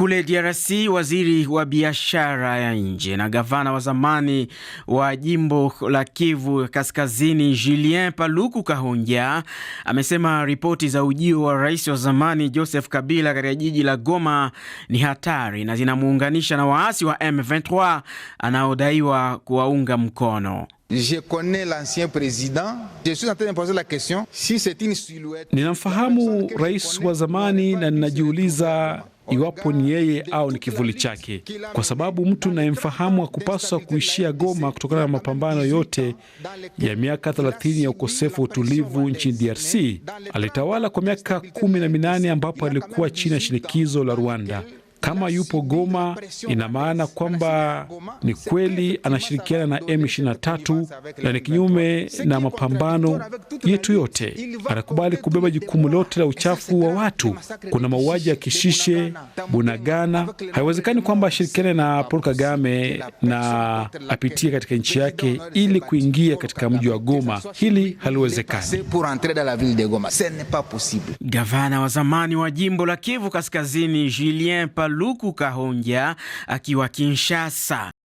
Kule DRC waziri wa biashara ya nje na gavana wa zamani wa jimbo la Kivu Kaskazini Julien Paluku Kahunja amesema ripoti za ujio wa rais wa zamani Joseph Kabila katika jiji la Goma ni hatari na zinamuunganisha na waasi wa M23 anaodaiwa kuwaunga mkono. Je Je connais l'ancien suis en train de poser la question. Si c'est une silhouette. Ninamfahamu rais wa zamani na ninajiuliza iwapo ni yeye au ni kivuli chake, kwa sababu mtu nayemfahamu hakupaswa kuishia Goma kutokana na mapambano yote ya miaka 30 ya ukosefu wa utulivu nchini DRC. Alitawala kwa miaka kumi na minane ambapo alikuwa chini ya shinikizo la Rwanda. Kama yupo Goma, ina maana kwamba ni kweli anashirikiana na M23 na ni kinyume na mapambano yetu yote. Anakubali kubeba jukumu lote la uchafu wa watu. Kuna mauaji ya Kishishe, Bunagana. Haiwezekani kwamba ashirikiane na Paul Kagame na apitie katika nchi yake ili kuingia katika mji wa Goma. Hili haliwezekani. Gavana wa zamani wa jimbo la Kivu Kaskazini Julien Luku Kahonja akiwa Kinshasa.